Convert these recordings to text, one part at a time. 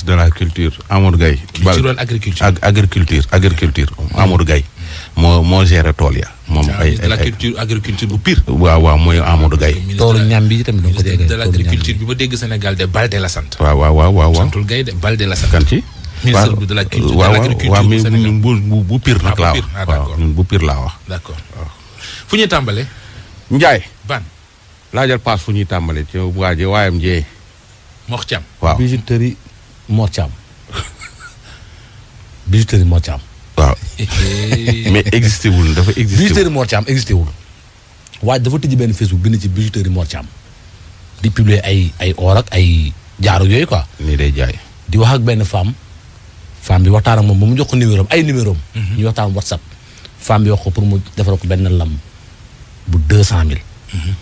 de la culture Amour Gaye culture agriculture ag agriculture agriculture Amour moo moo tool ya moom ah, ay de bu pire. waaw waaw mooy Amour Gaye. toolu ñam bi itam dégg de l'agriculture bi ma dégg Sénégal de Balde la sant. waaw waaw waaw waaw santul Gaye de Balde la la culture de l'agriculture bu Sénégal waaw waaw bu bu pire ah, wax ah, fu ñuy tàmbalee. Ndiaye. ban laajal paas fu ñuy tàmbalee ci waa ji waayam Ndiaye. waaw Mor Thiam bijouterie Mor Thiam. waaw mais existé wul dafa existé wul bijouterie Mor Thiam existé wul. waaye dafa tëj benn Facebook bind ci bijouterie Mor Thiam di publier ay ay or ak ay jaaru yooyu quoi. nii day jaay. di wax ak benn femme femme bi waxtaan ak moom ba mu jox ko numéro ay numéro am. Mhm. ñu waxtaan WhatsApp. femme bi wax ko pour mu defar ko benn lam bu deux cent mille. Mhm.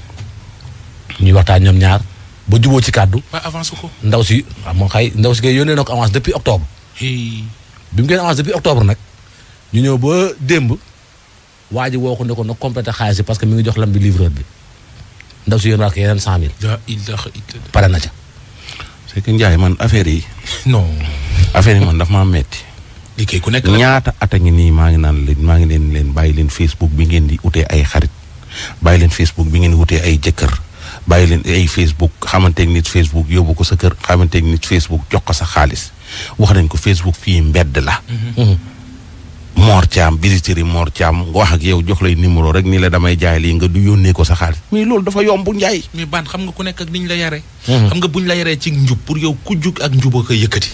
ñuy waxtaan ñoom ñaar. ba juboo ci kàddu. ba avance ko. ndaw si ah moom xay ndaw si kay yónnee na ko avance depuis octobre. bi mu koy avance depuis octobre nag ñu ñëw ba démb waaj ji woo ko ne ko nag complété xaalis bi parce que mi ngi jox lam bi livreur bi ndaw si yónnee waat ko yeneen cent mille. pare na ca. c'est que man affaire yi. non. affaire yi man daf maa metti liggéey ku nekk ñaata at a ngi nii maa ngi naan leen maa ngi leen leen bàyyi leen Facebook bi ngeen di wutee ay xarit bàyyi leen Facebook bi ngeen di utee ay jëkkër. bàyyi leen ay Facebook xamanteeg nit Facebook yóbbu ko sa kër xamanteeg nit Facebook jox ko sa xaalis wax nañ ko Facebook fii mbedd la. Mm-hmm. Mor Thiam visiteur yi Mor Thiam nga wax ak yow jox lay numéro rek nii la damay jaay lii nga du yónnee ko sa xaalis mais loolu dafa yomb njaay. mais ban xam nga ku nekk ak niñ la yaree. Mm-hmm. xam nga buñ la yaree ci njub pour yow ku jug ak njub a koy yëkkati.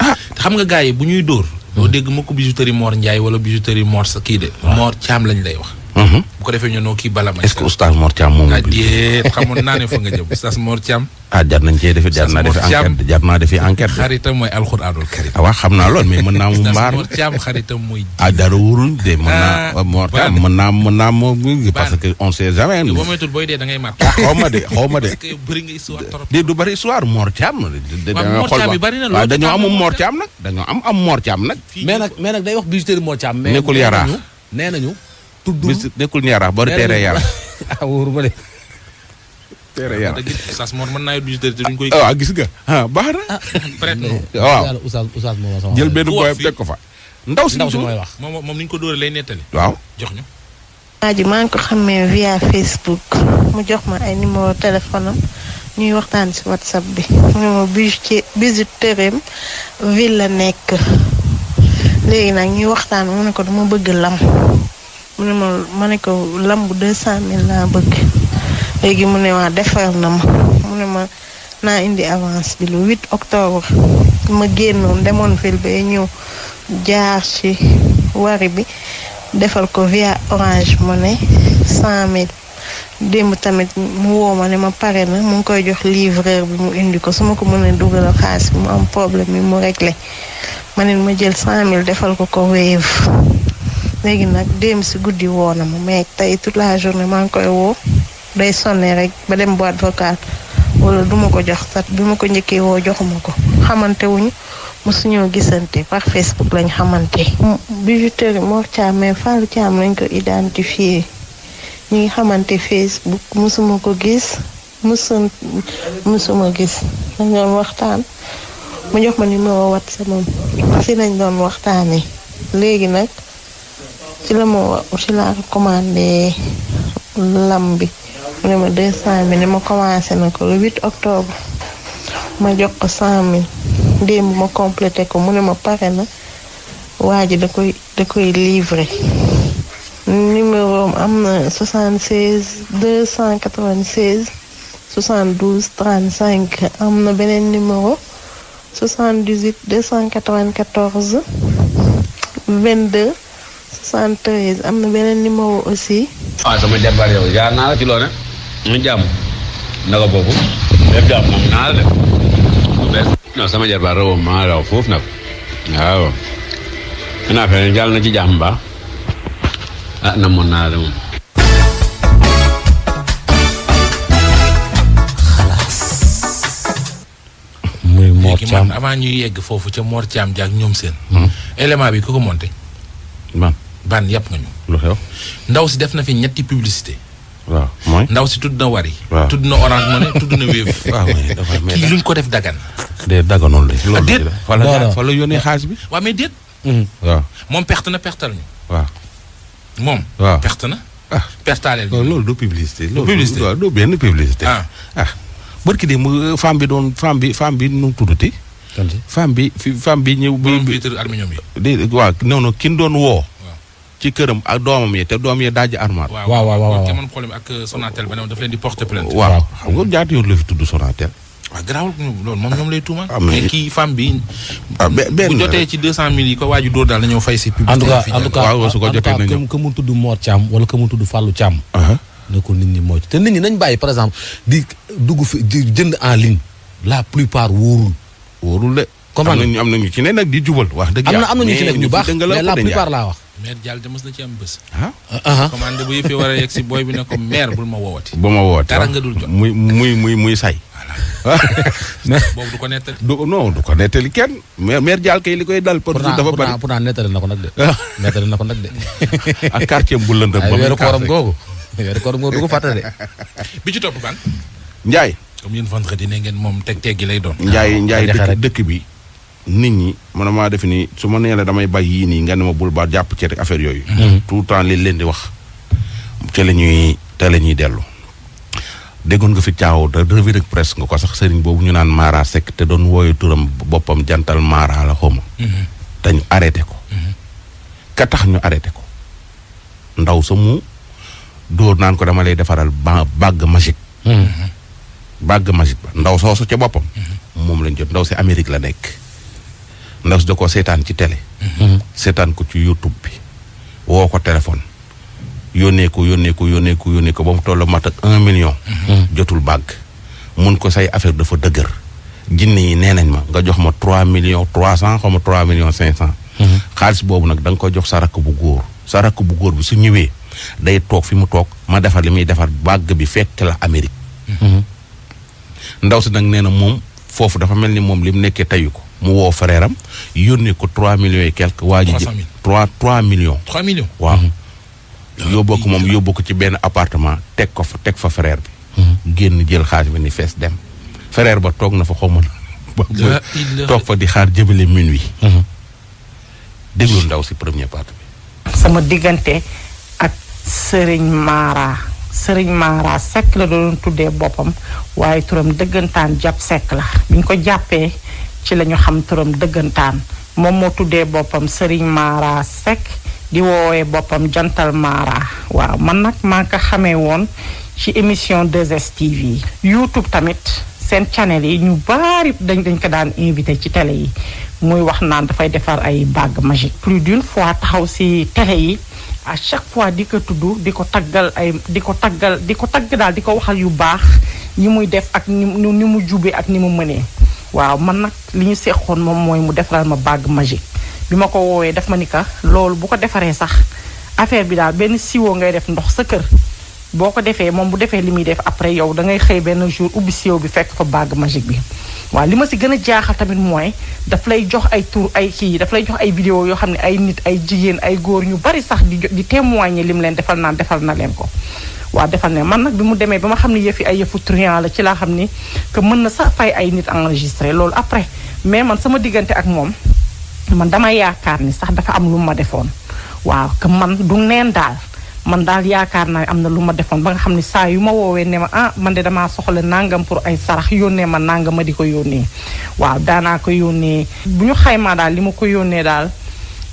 ah xam nga gars yi bu ñuy dóor. doo mm-hmm. dégg ma ko bijouterie Mor njaay wala bijouterie Mor sa kii de. Mor Thiam lañ lay wax. Mhm. bu ko defee ñu noo kii bala ma. est-ce que oustaz Mor Thiam moom la. xamoon naa ne fa nga jëm oustaz Mor Thiam. ah jar nañ defi jar defi enquête jar defi enquête. xaritam mooy alxuraanul karim. ah waaw xam mu mbaar. Mor Thiam xaritam ah, parce que on sait jamais. boo moytul booy dee da ngay mar. ah xaw ma de xaw ma de. parce que bëri nga na ah, lool dañoo am Mor Thiam nag dañoo am am Mor nag. mais nag day wax bijouterie Mor nekkul yaraa tudd bis nekkul ñu yaraax boo di teeree yaraax. ah wóor ah, na. Ah, waaw yàlla Oustaz Oustaz Mor sama. jël benn booyam teg ko fa. ndaw si ndaw si mooy wax moom moom ni ko dóoree lay nettali. waaw jox ñu. waa ji maa ngi ko xamee via Facebook mu jox ma ay numéro téléphone am ñuy waxtaan ci whatsapp bi mu ne ma bijouterie ville la nekk léegi nag ñuy waxtaan mu ne ko dama bëgg lam. mu ne ma ma ne ko lamb deux cent mille laa bëgg léegi mu ne waa defal na ma mu ne ma naa indi avance bi le 8 octobre ma génnoon demoon fil ba ñëw jaar ci wari bi defal ko via orange money cent mille démb tamit mu woo ma ne ma pare na mu ngi koy jox livreur bi mu indi ko su ma ko mënee dugalal xaalis bi mu am problème yi mu réglé ma ne ma jël cent mille defal ko ko wave léegi nag démb si guddi woo na ma mais tey toute la journée maa ngi koy woo day sonné rek ba dem boîte vocale wala du ma ko jox sat bi ma ko njëkkee woo joxuma ko xamante wuñu mosuñoo gisante par Facebook lañ xamante. bijouterie Mor Thiam mais Fallou Thiam lañ ko identifié ñi ngi xamante Facebook mosuma ko gis mosu mosuma gis dañ doon waxtaan mu jox ma numéro WhatsApp moom si lañ doon waxtaanee léegi nag. ci la ma wa ci la commandé lam bi mu ne ma deux cent mille ma commencé na ko le 8 ma jox ko cent mille démb ma complété ko mu ne ma pare na waa ji da koy da koy livré numéro am am na 76 296 72 35 am na beneen numéro 78 294 22 73 am na beneen numéro aussi. ah sama jàmbaar yow eh? boobu. sama jàmbaar raw ma raw foofu nag waaw. Ah, ñuy yegg foofu ca Mor Thiam jaag ñoom seen. Hmm? élément bi ku ko monté. man ban yàpp nga ñu. lu xew ndaw si def na fi ñetti publicité. waaw mooy ndaw si tudd na Wari. waaw tudd na Orange Money tudd na waaw mais kii luñ ko def dagan. de daganul de. loolu ah, déet wala fa bi. Mm. waaw moom perte na pertal ñu. waaw moom. waaw na. ah pertaaleel ñu. loolu du publicité. du loolu du benn publicité. ah, ah. de euh, mu femme bi doon femme bi femme bi nu mu tuddati. femme bi fi bi ñëw. borom vitre aluminium yi. waaw non kin doon woo. ci këram ak doomam yi te doom yi daaj armoire. waaw waaw waaw te man problème ak euh, Sonatel ba ne daf leen di porter plainte. waaw xam nga ñaata yoon la fi tudd Sonatel. waaw garaawul loolu moom ñoom lay tuuma. Ah, mais kii femme bi. Ah, bu jotee ci deux cent mille yi ko waa ji dóor daal la ñëw fay si. publicité bi en tout cas en tout cas que mu tudd Mor Thiam wala que mu tudd Fallou Thiam. ne ko nit ñi mooy te nit ñi nañ bàyyi par exemple di dugg fi di jënd en ligne la plupart wóorul. wóorul de. comme am na ñu am na ñu ci ne nag di jubal. wax dëgg yàlla am na am na ñu ci nekk ñu baax mais la plupart laa wax. maire Diallo de mos na ci am bés. ah. ah, ah. commande bu yëfee war a yegg si booy bi ne ko maire bul ma woowati. bu ma woowati dara nga dul jot muy muy muy muy say. boobu du ko nettali. du non du ko nettali kenn. maire Diallo kay li koy dal. pour dafa bari pourtant nettali na ko nag de. Ah. nettali na ko nag de. ak quartier bu lëndëm. ba muy weeru kooram googu. kooram googu du ko fàtte de. bi ci topp ban. Ndiaye. comme yéen vendredi ne moom teg teggi lay doon. Ndiaye Ndiaye dëkk dëkk bi. nit ñi a maa def nii su ma nee la damay bay yii nii nga ne ma bul ba jàpp ci rek affaire yooyu. Mhm. tout le temps li leen di wax. te la ñuy te la ñuy dellu. déggoon nga fi caaw de revue de presse nga ko sax sëriñ boobu ñu naan Mara Seck te doon wooyu turam boppam jantal Mara la xaw ma. te mhm. ñu arrêté ko. Mhm. ka tax ñu arrêté ko. ndaw sa mu dóor naan ko dama lay defaral ba bague magique. bague magique ba ndaw soosu ca boppam. moom lañ jot ndaw si Amérique la nekk. ndax da ko seetaan ci télé. Mhm. seetaan ko ci YouTube bi woo ko téléphone yónnee ko yónnee ko yónnee ko yónnee ko ba mu toll mat un million. Mhm. jotul bàgg mun ko say affaire dafa dëgër. jinne yi nee nañ ma nga jox ma trois million trois cent ma trois millions cinq cent. Mhm. xaalis boobu nag danga nga ko jox sa rakk bu góor sa rakk bu góor bi su ñëwee day toog fi mu toog ma defar li muy defar bàgg bi fekk la Amérique. ndaw si nag nee na moom foofu dafa mel ni moom li mu nekkee tayu ko. mu woo frère yónnee ko trois millions et quelque. waa ji trois trois millions. trois millions waaw. Mhm. yóbboo ko moom yóbboo ko ci benn appartement teg ko fa teg fa frère bi. Mhm. génn jël xaalis bi ni fees dem. frère ba toog na fa xaw ma toog fa di xaar jëbale minuit. Mhm. déglu ndaw si premier partie bi. sama diggante ak Serigne Mara Serigne Mara Seck la doon tuddee boppam waaye turam dëggantaan jàpp Seck la. bi ko jàppee ci la ñu xam turam dëggantaan moom moo tuddee boppam Serigne Mara Seck di woowee boppam Jantal Mara waaw man nag maa ko xamee woon ci émission 2STV YouTube tamit seen channel yi ñu bari dañ dañ ko daan invité ci tele yi muy wax naan dafay defar ay bagues magiques plus d'une fois taxaw si télé yi à chaque fois di ko tudd di ko taggal ay di ko taggal di ko tagg daal di ko waxal yu baax yi muy def ak ni mu jubee ak ni mu mënee waaw man nag li ñu seexoon moom mooy mu defaral ma bague magique bi ma ko woowee daf ma ni ka loolu bu ko defaree sax affaire bi daal benn siwo ngay def ndox sa kër boo ko defee moom bu defee li muy def après yow da ngay xëy benn jour ubbi siwo bi fekk fa bague magique bi waaw li ma si gën a jaaxal tamit mooy daf lay jox ay tour ay kii daf lay jox ay vidéo yoo xam ne ay nit ay jigéen ay góor ñu bari sax di di témoigner lim leen defal naa defal na leen ko waa defal ne man nag bi mu demee ba ma xam ne yëfi ay yëfu truand la ci laa xam ni que mën na sax fay ay nit enregistré loolu après mais man sama diggante ak moom man dama yaakaar ni sax dafa am lu ma defoon waaw que man du neen daal man daal yaakaar naa am na lu ma defoon ba nga xam ne saa yu ma woowee ne ma ah man de damaa soxla nangam pour ay sarax yónnee ma nangam ma di ko yónnee waaw daanaa ko yónnee bu ñu xaymaa daal li ma ko yónnee daal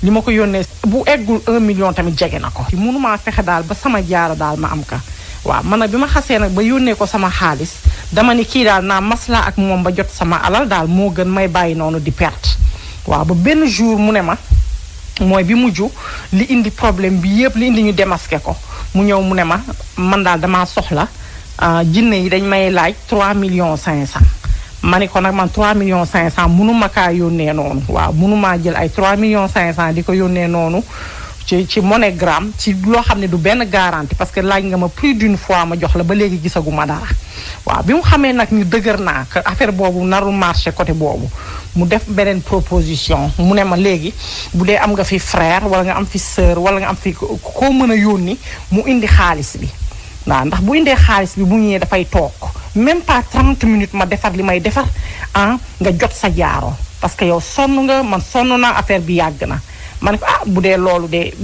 li ma ko yónnee bu eggul un million tamit jege na ko. mënumaa fexe daal ba sama jaaro daal ma am ka waaw man nag bi ma xasee nag ba yónnee ko sama xaalis dama ne kii daal naa maslaa ak moom ba jot sama alal daal moo gën may bàyyi noonu di perte. waaw ba benn jour mu ne ma mooy bi mujj li indi problème bi yëpp li indi ñu démasqué ko mu ñëw mu ne ma man daal damaa soxla ah, jinne yi dañ may laaj 3 millions 500. ma ni ko nag man 3 millions 500 mënuma kaa yónnee noonu waaw mënumaa jël ay 3 millions 500 di ko yónnee noonu ci ci MoneyGram ci loo xam ne du benn garantie parce que laaj nga ma plus d'une fois ma jox la ba léegi gisaguma ma dara waaw bi mu xamee nag ñu dëgër naa que affaire boobu narul marché côté boobu mu def beneen proposition mu ne ma léegi bu dee am nga fi frère wala nga am fi sœur wala nga am fi koo mën a yónni mu indi xaalis bi. waaw ndax bu indee xaalis bi bu ñëwee dafay toog même pas 30 minutes ma defar li may defar ah nga jot sa jaaro parce que yow sonn nga man sonn naa affaire bi yàgg na ma ne ko ah bu dee loolu de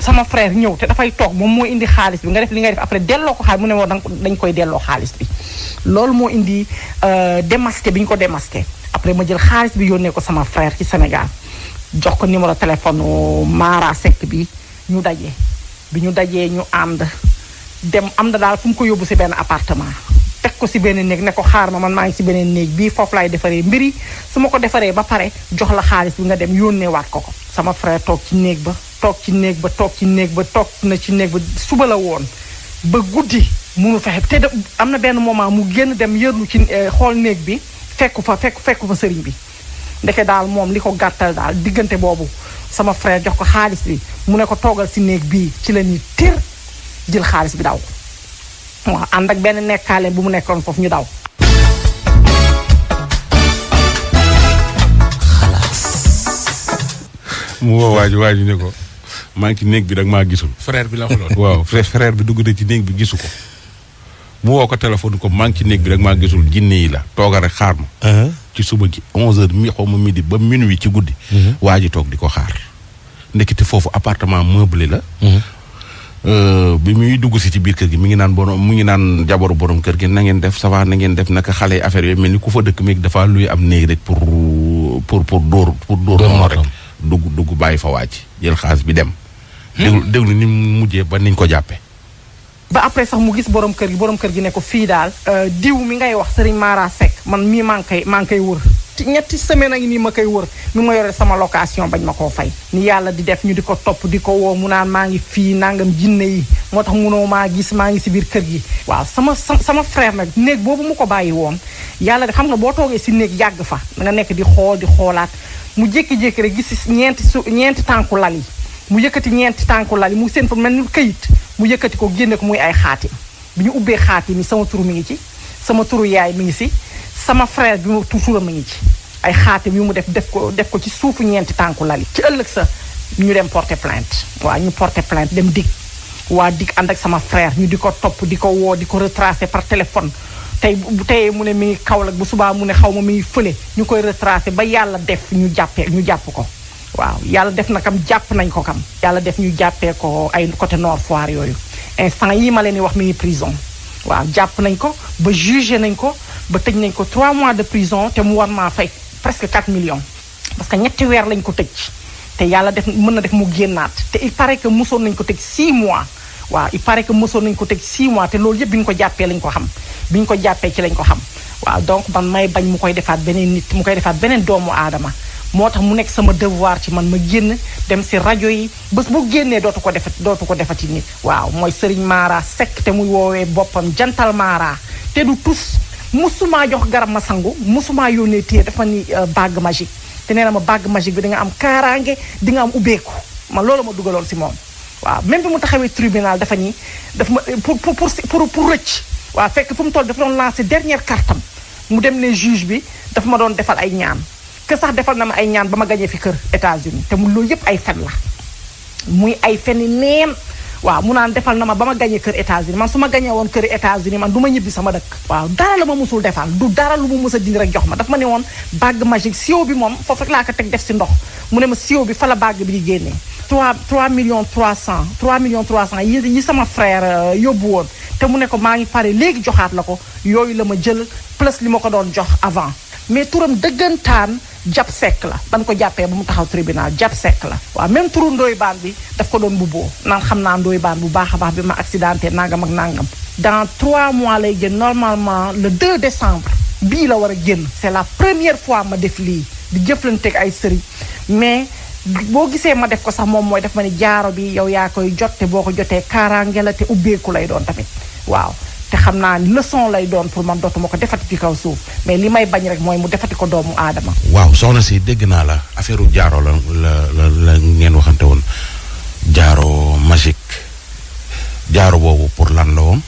sama frère ñëw te dafay toog moom moo indi xaalis bi nga def li ngay def après delloo ko xaalis mu ne woon dañ koy delloo xaalis bi loolu moo indi euh, démasqué bi ñu ko démasqué après ma jël xaalis bi yónnee ko sama frère ci Sénégal jox ko numéro téléphone Mara Seck bi ñu daje bi ñu dajee ñu ànd dem am na daal fu mu ko yóbbu si benn appartement teg ko si benn néeg ne ko xaar ma man maa ngi ci beneen néeg bii foofu laay defaree mbiri su ma ko defaree ba pare jox la xaalis bi nga dem yónnee waat ko ko sama frère toog ci néeg ba toog ci néeg ba toog ci néeg ba toog na ci néeg ba suba la woon ba guddi munu fexe te am na benn moment mu génn dem yërlu ci eh, xool néeg bi fekku fa fekk fekku fa sëriñ bi ndeke daal moom li ko gàttal daal diggante boobu sama frère jox ko xaalis bi mu ne ko toogal si néeg bi ci la ñuy tir jël xaalis bi daw waaw ànd ak benn nekkaale bu mu nekkoon foofu ñu daw. mu woo waaju waaju ne ko maa ngi ci néeg bi rek maa gisul. frère bi la xuloon waaw frère bi dugg na ci néeg bi gisu ko. mu woo ko téléphone ko maa ngi ci néeg bi rek maa gisul jinne yi la toogal rek xaar ma. Uh-huh. ci suba gi 11h mi xaw ma midi ba minuit ci guddi. Uh-huh. waaju toog di ko xaar. ndekete foofu appartement meublé la. Uh-huh. Euh, bi muy dugg si ci biir kër gi mi ngi naan borom mu ngi naan jaboru borom kër gi nangeen ngeen def ça va na ngeen def naka xale yi affaire yooyu mel ni ku fa dëkk meeg dafa luy am néeg rek pour pour pour dóor pour dóor noonu rek dugg dugg bàyyi fa wàcc jël xaalis bi dem hmm? déglu déglu ni mujjee ba niñ ko jàppe ba après sax mu gis borom kër gi borom kër gi ne ko fii daal euh, diw mi ngay wax Serigne Mara Seck man mii maa ngi koy maa ngi koy wër ñetti semaine ak nii ma koy wër nu ma yore sama location bañ ma koo fay ni yàlla di def ñu di ko topp di ko woo mu naan maa ngi fii nangam jinne yi moo tax munoo maa gis maa ngi si biir kër gi waaw sama sama frère nag néeg boobu mu ko bàyyi woon yàlla de xam nga boo toogee si néeg yàgg fa da nga nekk di xool di xoolaat mu jékki-jékki rek gis ñeenti su ñeenti tànku lal yi mu yëkkati ñeenti tànku lal yi mu seen fa mel ni kayit mu yëkkati ko génne ko muy ay xaatim bi ñu ubbee xaatim yi sama turu mi ngi ci sama turu yaay mi ngi si sama frère bi ma toujours ma ngi ci ay xaatim yu mu def def ko def ko ci suufu ñeenti tànku lali ci ëllëg sa ñu dem porter plainte waa ñu porte plainte dem dig waa dig ànd ak sama frère ñu di ko topp di ko woo di ko retracer par téléphone tey bu teyee mu ne mi ngi Kaolack bu subaa mu ne xaw ma mi ngi fële ñu koy retracer ba yàlla def ñu jàppee ñu jàpp ko waaw yàlla def na kam jàpp nañ ko kam yàlla def ñu jàppee ko ay côté Nord Foire yooyu instant yi ma leen di wax mi ngi jàpp nañ ko ba nañ ko ba tëj nañ ko 3 mois de prison te mu war maa fay presque 4 millions parce que ñetti weer lañ ko tëj te yàlla def mën na def mu génnaat te il paraît que mosoon nañ ko tëj 6 mois waaw il paraît que mosoon nañ ko tëj 6 mois te loolu yëpp bi ñu ko jàppee lañ ko xam bi ñu ko jàppee ci lañ ko xam waaw donc man may bañ mu koy defaat beneen nit mu koy defaat beneen doomu aadama moo tax mu nekk sama devoir ci man ma génn dem si rajo yi bés bu génnee dootu ko defat dootu ko defati nit waaw mooy Serigne Mara Seck te muy woowee boppam jantal Mara te du tus mosumaa jox garab ma sangu mosumaa yónnee téye dafa ni euh, bague magique te nee na ma bague magique bi da am kaaraange di nga am ubbeeku man loolu ma dugaloon si moom waaw même bi mu taxawee tribunal dafa ni daf ma euh, pour pour pour pour rëcc waaw fekk fu mu toll dafa doon lancé dernière cartam mu dem ne juge bi dafa ma doon defal ay ñaan que sax defal na ma ay ñaan ba ma gañee fi kër États-Unis te mu loolu yépp ay fen la muy ay feni neen waaw mu naan defal na ma ba ma gañee kër États-Unis man su ma gañee woon kër États-Unis man du ma ñibbi sama dëkk waaw dara la ma musul defal du dara lu mu mës a dindi rek jox ma daf ma ne woon bague magique siwo bi moom foofu rek laa ko teg def si ndox mu ne ma siwo bi fa la bague bi di génnee 3 3 millions 300 3 millions 300 yi yi sama frère euh, yóbbu woon te mu ne ko maa ngi pare léegi joxaat la ko yooyu la ma jël plus li ma ko doon jox avant mais turam dëggantaan jab sekk la ban ko jàppee ba mu taxaw tribunal jab sekk la waaw même turu ndoy baan bi daf ko doon bu boo naan xam naa ndoy baan bu baax a baax bi ma accidenté nangam ak nangam dans trois mois lay génn normalement le 2 décembre bii la war a génn c'est la première fois ma def lii di jëflanteeg ay sëriñ mais boo gisee ma def ko sax moom mooy daf ma ne jaaro bi yow yaa koy jot te boo ko jotee kaaraange la te ubbeeku lay doon tamit waaw te xam naa leçon lay doon pour man dootuma ko defati ci kaw suuf mais li may bañ rek mooy mu defati ko doomu aadama. waaw soxna si dégg naa la affaire jaaro la la la ngeen waxante woon jaaro magique jaaro boobu pour lan la woon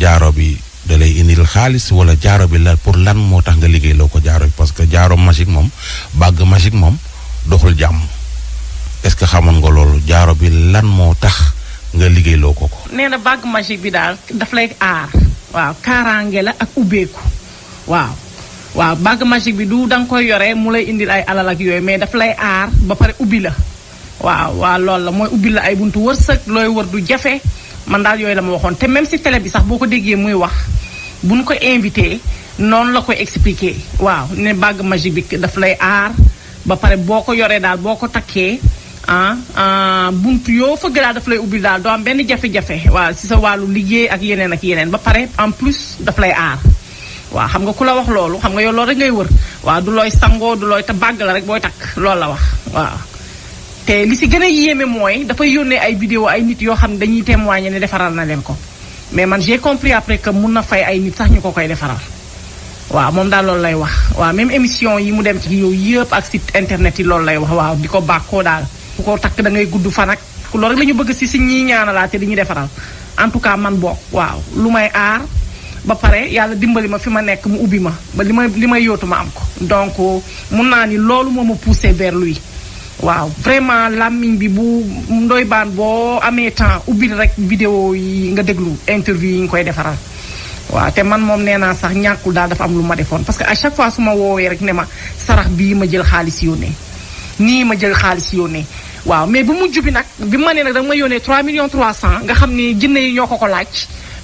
jaaro bi da lay indil xaalis wala jaaro bi la pour lan moo tax nga liggéey loo ko jaaro parce que jaaro magique moom bàgg magique moom doxul jàmm est-ce que xamoon nga loolu jaaro bi lan moo tax nga liggéey loo ko ko. nee na bi daal daf lay aar. waaw kaaraange la ak ubbeeku waaw waaw bague magique bi du danga koy yore mu lay indil ay alal ak yooyu mais dafa lay aar ba pare ubbi la waaw waaw loolu la mooy ubbi la ay buntu wërsëg looy wër du jafe man daal yooyu la ma waxoon te même si télé bi sax boo ko déggee muy wax bu ñu ko invité noonu la koy expliqué waaw ne bague magique bi daf lay aar ba pare boo ko yoree daal boo ko takkee ah, ah buntu yoo fëgg daal daf lay ubbil daal doo am benn jafe-jafe waa si sa wàllu liggéey ak yeneen ak yeneen ba pare en plus daf lay aar waa xam nga ku la wax loolu xam nga yow loolu rek ngay wër waa du looy sangoo du looy te bàgg la rek booy takk loolu la wax waa te li si gën a yéeme mooy dafay yónnee ay vidéo ay nit yoo xam ne dañuy témoigner ne defaral na leen ko mais man j'ai compris après que mun na fay ay nit sax ñu ko koy defaral. waa moom daal loolu lay wax waaw même émission yi mu dem ci yow yëpp ak site internet yi loolu lay wax waaw di ko bàkkoo daal. ku ko takk da ngay gudd fan ak loolu rek la bëgg si si ñii ñaanalaate di ñu defaral en tout cas man bokk waaw lu may aar ba pare yàlla dimbali ma fi ma nekk mu ubbi ma ba li ma li may yóotu ma am ko donc mun naa ni loolu moo ma poussé vers lui waaw vraiment làmmiñ bi bu ndoy baan boo amee temps ubbil rek vidéo yi nga déglu interview yi ñu koy defaral waaw te man moom nee naa sax ñàkkul daal dafa am lu ma defoon parce que à chaque fois su ma woowee rek ne ma sarax bii ma jël xaalis yónnee nii ma jël xaalis yónnee waaw mais bu mujj bi nag bi ma nee nag danga ma yónnee 3 millions 300 nga xam ni jinne yi ñoo ko ko laaj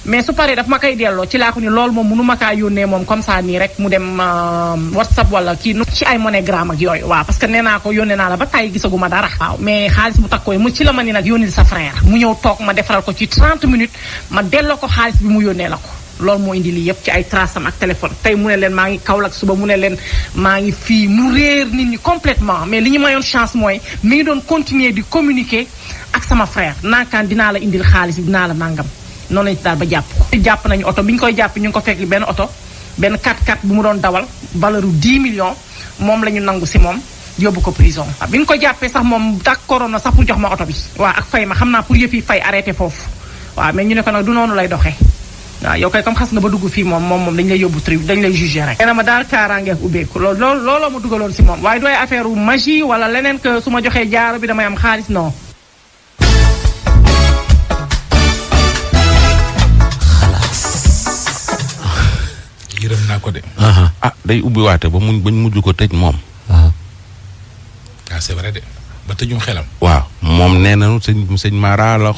mais su paree daf ma koy delloo ci laa ko ni loolu moom mënu ma kaa yónnee moom comme ça rek mu dem euh, whatsapp wala kii ci ay monogramme ak yooyu waaw parce que nee naa ko yónnee naa la ba tàyyi gisagu dara waaw mais xaalis bu takkooy mu ci la ma ni nag yónnil sa frère mu ñëw toog ma defaral ko ci 30 minutes ma delloo ko xaalis bi mu yónnee la ko loolu moo indi lii yëpp ci ay trace am ak téléphone tey mu ne leen maa ngi Kaolack suba mu ne leen maa ngi fii mu réer nit ñi complètement mais li ñu mayoon chance mooy mi ngi doon continuer di communiquer ak sama frère naakaan dinaa la indil xaalis dinaa la nàngam noonu lañu ba jàpp ko. jàpp nañu oto bi ñu koy jàpp ñu ngi ko fekk benn oto benn bu mu doon dawal valeuru 10 millions moom la ñu nangu si moom yóbbu ko prison. bi ñu ko jàppee sax moom d'accord na sax pour jox ma oto bi. waa ak fay ma xam naa pour yëpp yi fay arrêté foofu waaw mais ñu ne ko nag noonu lay doxee. waaw yow kay comme xas na ba dugg fii moom moom moom dañu lay yóbbu tri dañu lay jugé rek nee na ma daal kaaraange ubbeeku loolu looloo ma dugaloon si moom waaye dooy affaire u magie wala leneen que su ma joxee jaaro bi damay am xaalis non yërëm ah day ubbi waate ba mu bañ mujj ko tëj moom. ah c'est de. ba tëjum xelam. waaw moom nee na sëñ sëñ Mara la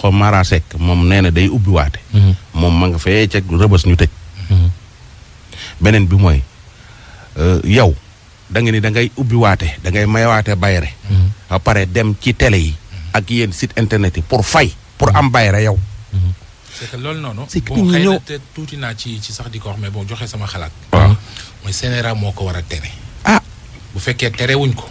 moom nee na day ubbiwaate. Mhm. moom ma nga fee ca rëbës ñu tëj. Mhm. beneen bi mooy euh, yow da ni da ngay ubbiwaate da ngay mayawaate bayre. Mhm. ba pare dem ci tele yi. ak yéen sit internet yi pour fay pour am bayre yow. c'est loolu noonu. tuuti naa ci ci sax di ko wax mais bon sama xalaat. mooy Sénégal moo ko war a tere. ah bu fekkee terewuñ ko.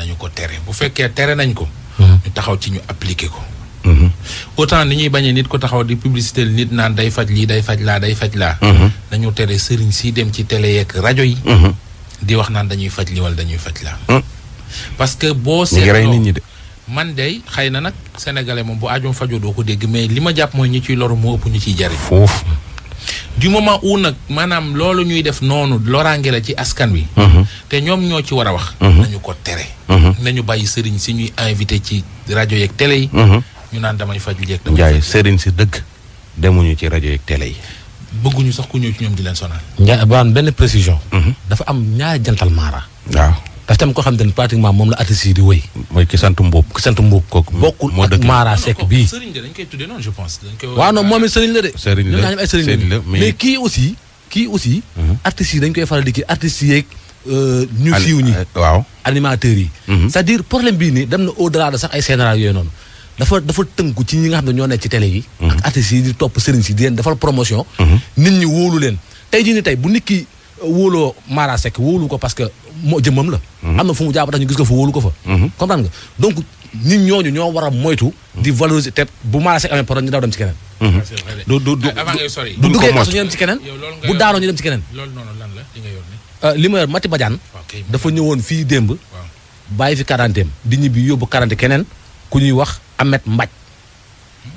nañu ko tere bu fekkee tere nañ ko. Mhm. ñu taxaw ci ñu appliquer ko. Mhm. autant ni ñuy bañee nit ko taxaw di publicité nit naan day faj lii day faj laa day faj laa. Mhm. nañu tere sëriñ si dem ci télé yeeg rajo yi. di wax naan dañuy faj lii wala dañuy faj laa. parce que boo seetloo nit ñi de. man de xëy na nag sénégalais moom bu aajoom fajoo doo ko dégg mais li ma jàpp mooy ñu ciy loru moo ëpp ñu ciy jariñ. foofu. du moment où nag maanaam loolu ñuy def noonu loraange la ci askan wi. te ñoom ñoo ci war a wax. nañu ko tere. Mhm. nañu bàyyi sëriñ si ñuy invité ci rajo yeeg télé yi. Mhm. ñu naan damay faju jeeg damay Ndiaye sëriñ si dëgg demuñu ci rajo yeeg télé yi. bëgguñu sax ku ñëw ci ñoom di leen sonal. Ndiaye ba am benn précision. Mhm. dafa am ñaari jantal maara. waaw dafa tam ko xam te ne pratiquement moom la artiste yi di wéy. mooy ki sant Mbuub ki sant Mbuub kooku. bokkul ak maara sekk bii sëriñ de dañ koy tuddee noonu je pense. moom it sëriñ la de. sëriñ la sëriñ la mais kii aussi kii aussi. artistes yi dañ koy faral di kii artistes yeeg Euh, ñu siiw ñi euh, waaw animateurs yi mhm. c'est-à-dire problème bii nii dem na au delà de sax ay scénario yooyu noonu dafa dafa tënku ci ñi nga xam ne ñoo nekk ci télé yi mhm. ak artistes yi di topp sëriñ si di leen defal promotion mhm. nit ñi wóolu leen tey jii ni tey bu nit ki wóoloo Mara Seck wóolu ko parce que moo jëmmam la am na fu mu jàpp tax ñu gis ko fa wóolu ko fa comprendre nga donc nit ñooñu ñoo war a moytu di valoriser te bu Mara Seck amee problème ñu daw dem loolu noonu lan la li Euh, li ma yor Mati Badiane dafa ñëwoon fii démb bàyyi fi quarantaine di ñibbi yóbbu quarante keneen ku ñuy wax Amet Mbaj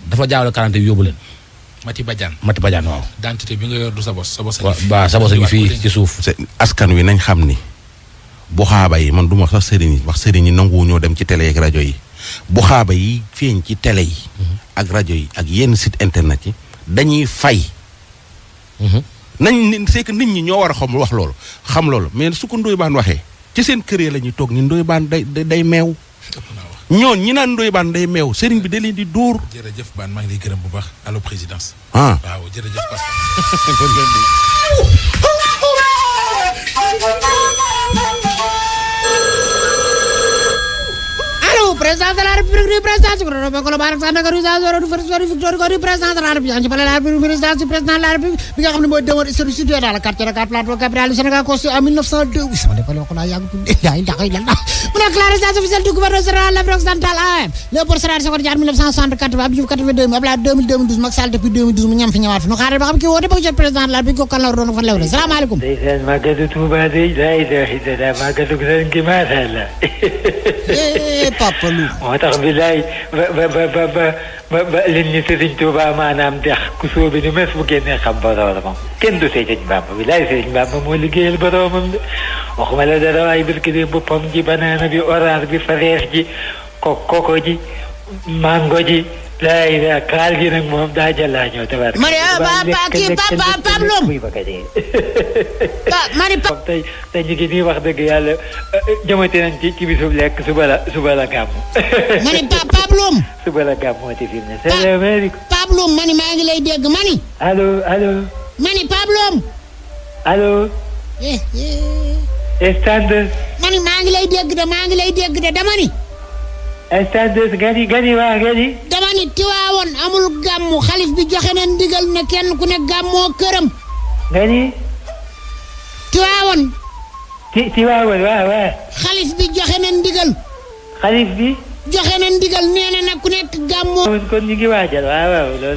dafa jaawale quarante bi yóbbu leen Mati Badiane Mati Badiane waaw identité bi nga yor du sa bos sa bos a ngi fii ci suuf askan wi nañ xam ni bu xaaba yi man du ma sax sëriñ yi wax sëriñ yi nanguwu ñoo dem ci télé ak rajo yi bu xaaba yi feeñ ci télé yi mhm. ak rajo yi ak yenn site internet yi dañuy fay mhm. nañu c'est que nit ñi ñoo war a xam wax loolu xam loolu mais su ko Ndoye waxee ci seen kër la ñuy toog ni Ndoye Bane day day meew. ñoo ñi naan Ndoye day meew sëriñ bi da leen di dóor. jërëjëf Bane maa ngi gërëm bu baax allo présidence. ah waaw jërëjëf présidence la république du président ci Colobane ak Sandaga du Ziguinchor du Fatick du Victoire du président de la république ci palais la république présidence du président de la république bi nga xam ne mooy demoon historique situé dans le quartier de du Sénégal constitué en 1902 sama dépalé ko laa yàgg mu nekk la résidence officielle du gouverneur général l'Afrique occidentale am Léopold Sédar Senghor Diatta 1964 Abdou Diouf 82 depuis 2012 mu ñam fi ñëwaat ba xam kii woote ba jot président la bi ko kan la war doon fa lew la salaamaaleykum ndeysaan màggalu Tuuba de laa ilaaha illallaah màggalu ren gi maashaa Allaah papa lu moo tax bi laay ba ba ba ba ba leen ni Sëriñ Tuubaa maanaam dex ku sóobi ni mes bu génnee xam boroomam kenn du Sëriñ Bàmba bi laay Sëriñ Bàmba moo liggéeyal boroomam de waxuma la dara waaye barki de boppam ji banaana bi orange bi fraise ji kokoko ji mango ji laa xaal ji nag moom daa jàllaa ñëw tabaar. ma ne ah papa kii papa dëgg yàlla jëmate nañ ci ci bisub lekk suba la suba la gàmm. ma ne Pape Pape Loum. suba la gàmm moo ci fi mu ne. salaamaaleykum. Pape Loum ma ne maa ngi eh eh. stand. ma ne maa ngi lay dégg de maa ngi lay stade gadi gadi waa gadi dama ni tiwaawoon amul gàmmu xalif bi joxe na ndigal na kenn ku ne gàmmoo këram gadi tiwaawoon tiwaawoon waaw waaw xalif bi joxe na ndigal xalif bi joxe na ndigal nee na ku nekk gàmmoo